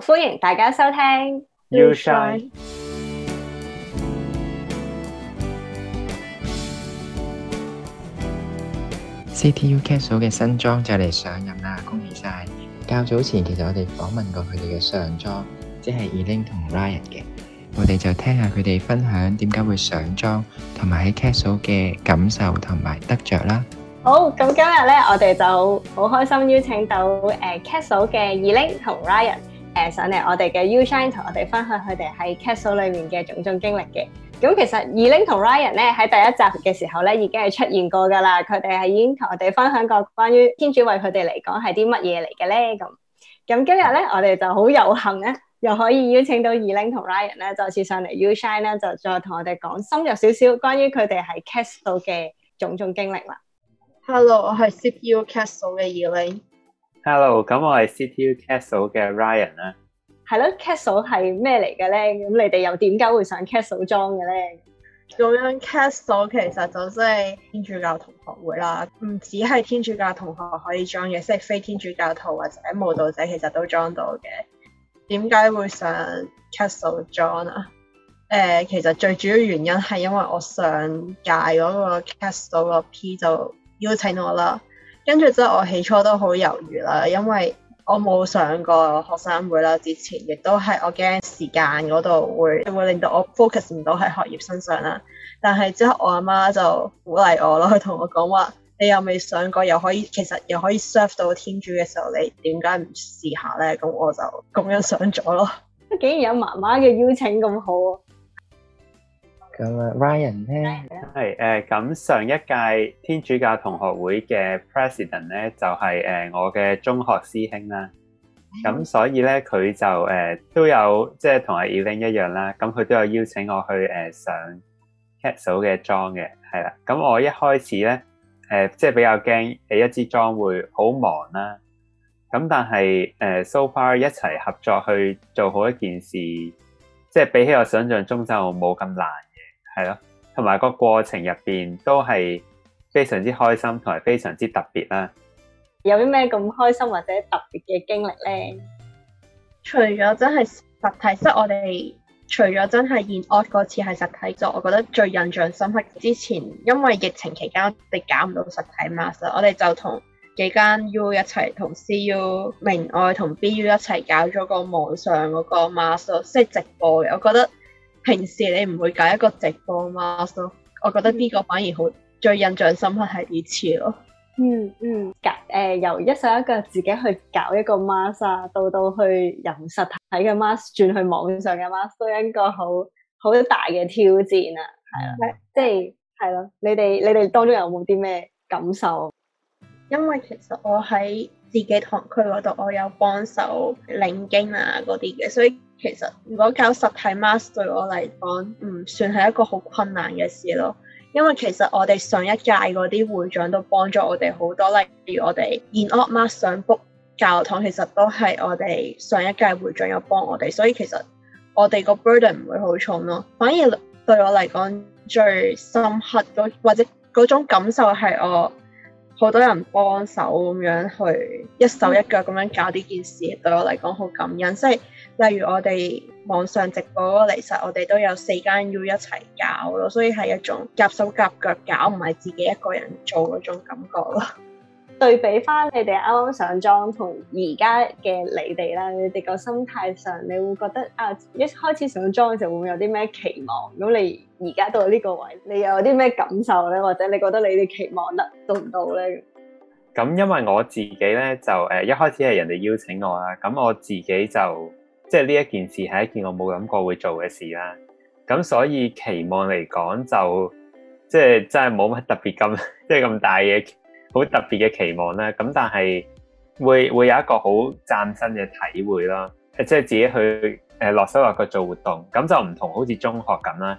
歡迎大家收聽。You ShineCTU Castle 嘅新裝就嚟上任啦，恭喜晒！較早前其實我哋訪問過佢哋嘅上裝，即係 Elin 同 Ryan 嘅，我哋就聽下佢哋分享點解會上裝，同埋喺 Castle 嘅感受同埋得着啦。好，咁今日呢，我哋就好開心邀請到誒 Castle 嘅 Elin 同 Ryan。誒、呃、上嚟，我哋嘅 U Shine 同我哋分享佢哋喺 Castle 裏面嘅種種經歷嘅。咁其實二 l 同 Ryan 咧喺第一集嘅時候咧已經係出現過噶啦，佢哋係已經同我哋分享過關於天主為佢哋嚟講係啲乜嘢嚟嘅咧。咁咁今日咧我哋就好有幸咧，又可以邀請到二 l 同 Ryan 咧再次上嚟 U Shine 咧，就再同我哋講深入少少關於佢哋喺 Castle 嘅種種經歷啦。Hello，我係 s e p r e t Castle 嘅二 l hello，咁我係 CTU Castle 嘅 Ryan 啦，係咯，Castle 係咩嚟嘅咧？咁你哋又點解會上 Castle join 嘅咧？咁樣 Castle 其實就即係天主教同學會啦，唔只係天主教同學可以 join 嘅，即係非天主教徒或者舞蹈仔其實都 join 到嘅。點解會上 Castle join 啊？誒、呃，其實最主要原因係因為我上屆嗰個 Castle 個 P 就邀請我啦。跟住之後我起初都好猶豫啦，因為我冇上過學生會啦，之前亦都係我驚時間嗰度會會令到我 focus 唔到喺學業身上啦。但係之後我阿媽就鼓勵我咯，佢同我講話：說你又未上過，又可以其實又可以 serve 到天主嘅時候，你點解唔試下咧？咁我就咁樣上咗咯。竟然有媽媽嘅邀請咁好咁啊，Ryan 咧，係誒，咁上一屆天主教同學會嘅 president 咧，就係誒我嘅中學師兄啦。咁所以咧，佢就誒都有即係同阿 Evan 一樣啦。咁佢都有邀請我去誒上 Castle 嘅妝嘅，係啦。咁我一開始咧，誒即係比較驚，一支妝會好忙啦。咁但係誒，so far 一齊合作去做好一件事，即係比起我想象中就冇咁難。係咯，同埋個過程入邊都係非常之開心，同埋非常之特別啦。有啲咩咁開心或者特別嘅經歷咧？除咗真係實體，即我哋除咗真係現 out 嗰次係實體作，我覺得最印象深刻。之前因為疫情期間，我哋搞唔到實體 mask，我哋就同幾間 U 一齊，同 CU、明愛同 BU 一齊搞咗個網上嗰個 mask，即係直播嘅。我覺得。平時你唔會搞一個直播 mass 咯，我覺得呢個反而好最印象深刻係呢次咯、嗯。嗯嗯，搞、呃、誒由一手一腳自己去搞一個 mass 到到去人實體嘅 mass 轉去網上嘅 mass 都一個好好大嘅挑戰啊，係啦，即係係咯，你哋你哋當中有冇啲咩感受？因為其實我喺自己堂區嗰度，我有幫手領經啊嗰啲嘅，所以。其實如果搞實體 mass 對我嚟講唔算係一個好困難嘅事咯，因為其實我哋上一屆嗰啲會長都幫咗我哋好多，例如我哋 in odd mass 想 book 教堂，其實都係我哋上一屆會長有幫我哋，所以其實我哋個 burden 唔會好重咯。反而對我嚟講最深刻嗰或者嗰種感受係我。好多人幫手咁樣去一手一腳咁樣搞呢件事，嗯、對我嚟講好感恩。即係，例如我哋網上直播其實，我哋都有四間要一齊搞咯，所以係一種夾手夾腳搞，唔係自己一個人做嗰種感覺咯。對比翻你哋啱啱上妝同而家嘅你哋啦，你哋個心態上，你會覺得啊，一開始上妝嘅時候會唔會有啲咩期望？咁你而家到呢個位，你有啲咩感受咧？或者你覺得你哋期望得到唔到咧？咁因為我自己咧就誒一開始係人哋邀請我啦，咁我自己就即係呢一件事係一件我冇諗過會做嘅事啦。咁所以期望嚟講就即係真係冇乜特別咁即係咁大嘅。好特別嘅期望啦。咁但係會會有一個好嶄新嘅體會啦，即係自己去誒落手落腳做活動，咁就唔同好似中學咁啦。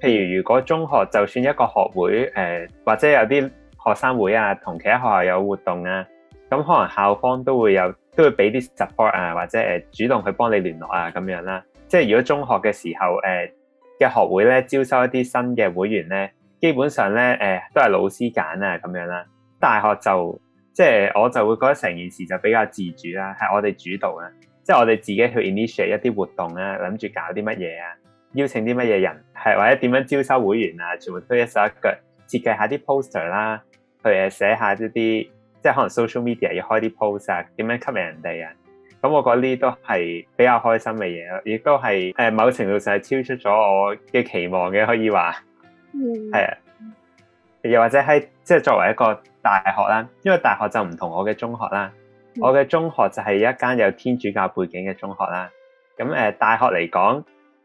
譬如如果中學就算一個學會誒、呃，或者有啲學生會啊，同其他學校有活動啊，咁可能校方都會有都會俾啲 support 啊，或者、呃、主動去幫你聯絡啊咁樣啦。即係如果中學嘅時候誒嘅、呃、學會咧，招收一啲新嘅會員咧，基本上咧誒、呃、都係老師揀啊咁樣啦。大學就即係、就是、我就會覺得成件事就比較自主啦、啊，係我哋主導啦、啊，即、就、係、是、我哋自己去 initiate 一啲活動啦、啊，諗住搞啲乜嘢啊，邀請啲乜嘢人，係或者點樣招收會員啊，全部推一手一腳，設計下啲 poster 啦，去寫下一啲即係可能 social media 要開啲 post 啊，點樣吸引人哋啊，咁我覺得呢啲都係比較開心嘅嘢、啊，亦都係誒某程度上係超出咗我嘅期望嘅，可以話，係啊，又或者係即係作為一個。大學啦，因為大學就唔同我嘅中學啦。我嘅中學就係一間有天主教背景嘅中學啦。咁誒，大學嚟講，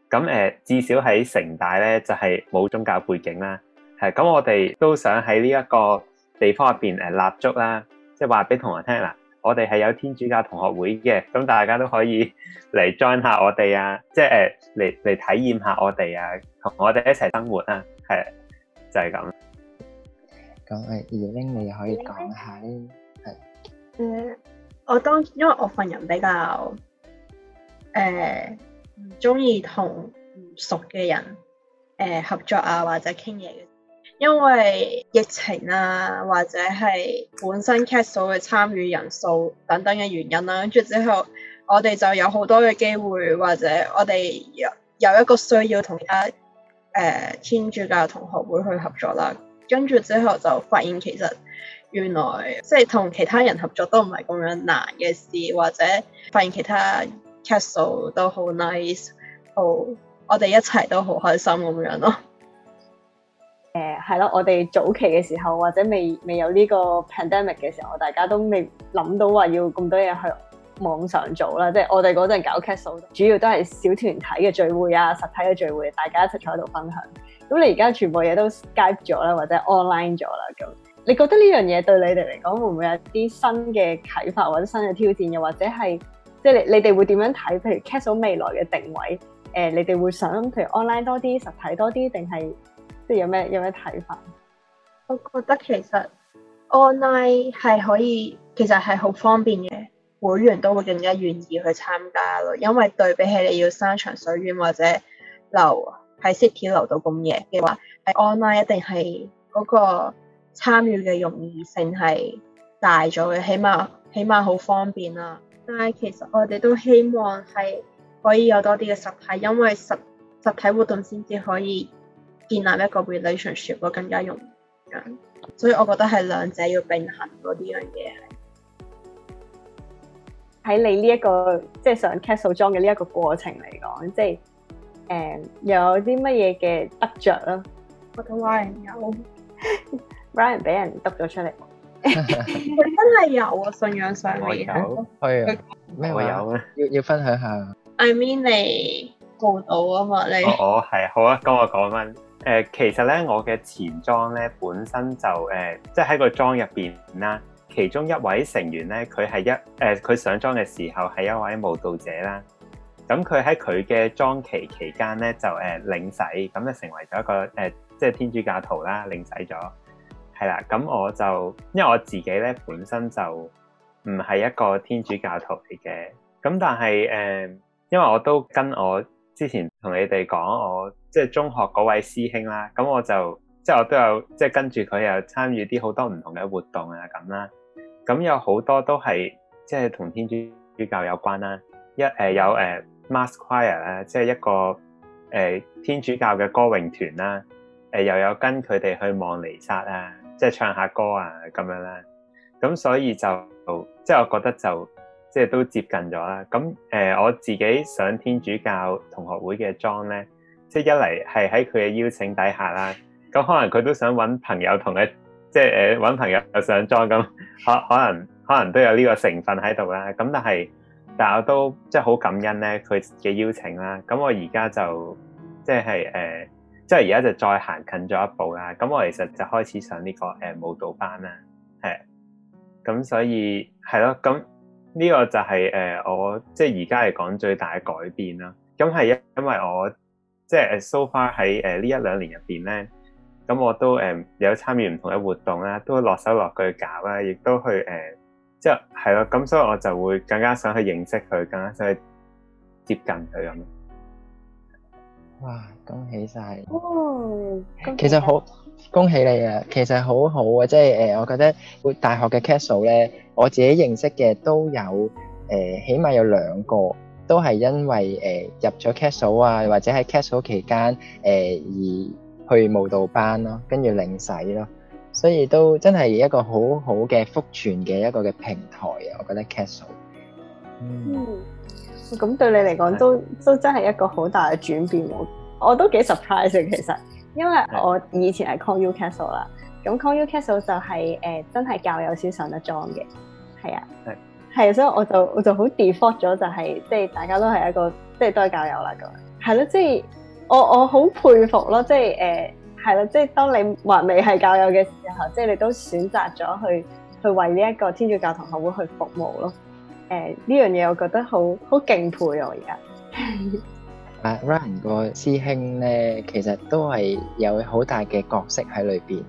咁誒，至少喺城大咧就係冇宗教背景啦。係咁，我哋都想喺呢一個地方入邊誒立足啦，即係話俾同學聽啦。我哋係有天主教同學會嘅，咁大家都可以嚟 join 下我哋啊，即係誒嚟嚟體驗下我哋啊，同我哋一齊生活啊，係就係咁。講係 Eling 你可以講下係。嗯，我當，因為我份人比較，誒、呃，唔中意同唔熟嘅人，誒、呃、合作啊，或者傾嘢嘅，因為疫情啊，或者係本身 cast 嘅參與人數等等嘅原因啦、啊，跟住之後，我哋就有好多嘅機會，或者我哋有一個需要同一，誒天主教同學會去合作啦、啊。跟住之後就發現其實原來即係同其他人合作都唔係咁樣難嘅事，或者發現其他 castle 都好 nice，好、哦、我哋一齊都好開心咁樣咯。誒、呃，係咯，我哋早期嘅時候或者未未有呢個 pandemic 嘅時候，大家都未諗到話要咁多嘢去網上做啦。即係我哋嗰陣搞 castle，主要都係小團體嘅聚會啊，實體嘅聚會，大家一齊坐喺度分享。咁你而家全部嘢都 Skype 咗啦，或者 online 咗啦，咁你覺得呢樣嘢對你哋嚟講會唔會有啲新嘅啟發或者新嘅挑戰，又或者係，即係你你哋會點樣睇？譬如 Castle 未來嘅定位，誒、呃，你哋會想譬如 online 多啲、實體多啲，定係即係有咩有咩睇法？我覺得其實 online 係可以，其實係好方便嘅，會員都會更加願意去參加咯，因為對比起你要山長水遠或者留。喺 city 留到咁夜嘅話，喺 online 一定係嗰個參與嘅容易性係大咗嘅，起碼起碼好方便啦、啊。但係其實我哋都希望係可以有多啲嘅實體，因為實實體活動先至可以建立一個 relationship 更加容易。所以我覺得係兩者要並行咯，呢樣嘢喺你呢、這、一個即係、就是、上 Castle 裝嘅呢一個過程嚟講，即係。誒、嗯、有啲乜嘢嘅得着、啊？咯，我咁 Ryan 有 Ryan 俾人揼咗出嚟， 真係有啊！信仰上我有，係 啊咩我有啊，要要分享一下。I mean 你舞蹈啊嘛你？哦，我係好啊，跟我講啦。誒、呃、其實咧，我嘅前莊咧本身就誒、呃，即喺個莊入邊啦。其中一位成員咧，佢係一誒，佢、呃、上莊嘅時候係一位舞蹈者啦。咁佢喺佢嘅莊期期間咧，就誒、呃、領洗，咁就成為咗一個即係、呃就是、天主教徒啦，領洗咗，係啦。咁我就因為我自己咧，本身就唔係一個天主教徒嚟嘅，咁但係誒、呃，因為我都跟我之前同你哋講，我即係中學嗰位師兄啦，咁我就即係、就是、我都有即係、就是、跟住佢又參與啲好多唔同嘅活動啊，咁啦，咁有好多都係即係同天主教有關啦，一、呃、有誒。呃 Mass Choir 咧，即係一個誒、呃、天主教嘅歌詠團啦，誒、呃、又有跟佢哋去望彌撒啊，即係唱下歌啊咁樣啦。咁所以就即係我覺得就即係都接近咗啦。咁誒、呃、我自己上天主教同學會嘅莊咧，即係一嚟係喺佢嘅邀請底下啦。咁可能佢都想揾朋友同佢，即係誒揾朋友上莊咁，可可能可能都有呢個成分喺度啦。咁但係。但我都即係好感恩咧，佢嘅邀請啦。咁我而家就即係誒，即係而家就再行近咗一步啦。咁我其實就開始上呢、這個誒、呃、舞蹈班啦，係。咁所以係咯，咁呢個就係、是、誒、呃、我即係而家嚟講最大嘅改變啦。咁係因因為我即係 so far 喺呢一兩年入邊咧，咁我都誒有參與唔同嘅活動啦，都落手落腳去搞啦，亦都去誒。即係咯，咁、就是、所以我就會更加想去認識佢，更加想去接近佢咁。哇，恭喜晒！哦，其實很好恭喜你啊，其實好好啊，即係誒，我覺得大學嘅 castle 咧，我自己認識嘅都有誒、呃，起碼有兩個都係因為誒、呃、入咗 castle 啊，或者喺 castle 期間誒、呃、而去慕道班咯，跟住領洗咯。所以都真係一個好好嘅福傳嘅一個嘅平台啊！我覺得 Castle，嗯，嗯，咁對你嚟講都都真係一個好大嘅轉變，我我都幾 surprise，其實，因為我以前係 call you Castle 啦，咁 call you Castle 就係誒真係教友先上得裝嘅，係啊，係，係，所以我就我就好 default 咗，就係，就係即係大家都係一個即係都係教友啦，個係咯，即係我我好佩服咯，即係誒。呃係啦，即係當你還未係教友嘅時候，即係你都選擇咗去去為呢一個天主教同學會去服務咯。誒、呃，呢樣嘢我覺得好好敬佩我而家、啊。阿 Ryan 個師兄咧，其實都係有好大嘅角色喺裏邊，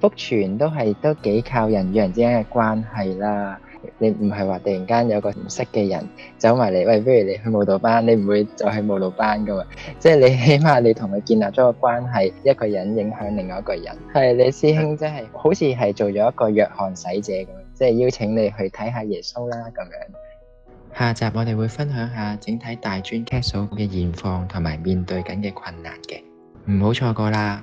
福傳都係都幾靠人與人之間嘅關係啦。你唔係話突然間有個唔識嘅人走埋嚟，喂，不如你去舞蹈班，你唔會就去舞蹈班噶嘛？即係你起碼你同佢建立咗個關係，一個人影響另外一個人。係，你師兄即係好似係做咗一個約翰洗者咁，即係邀請你去睇下耶穌啦咁樣。下集我哋會分享下整體大專教數嘅現況同埋面對緊嘅困難嘅，唔好錯過啦。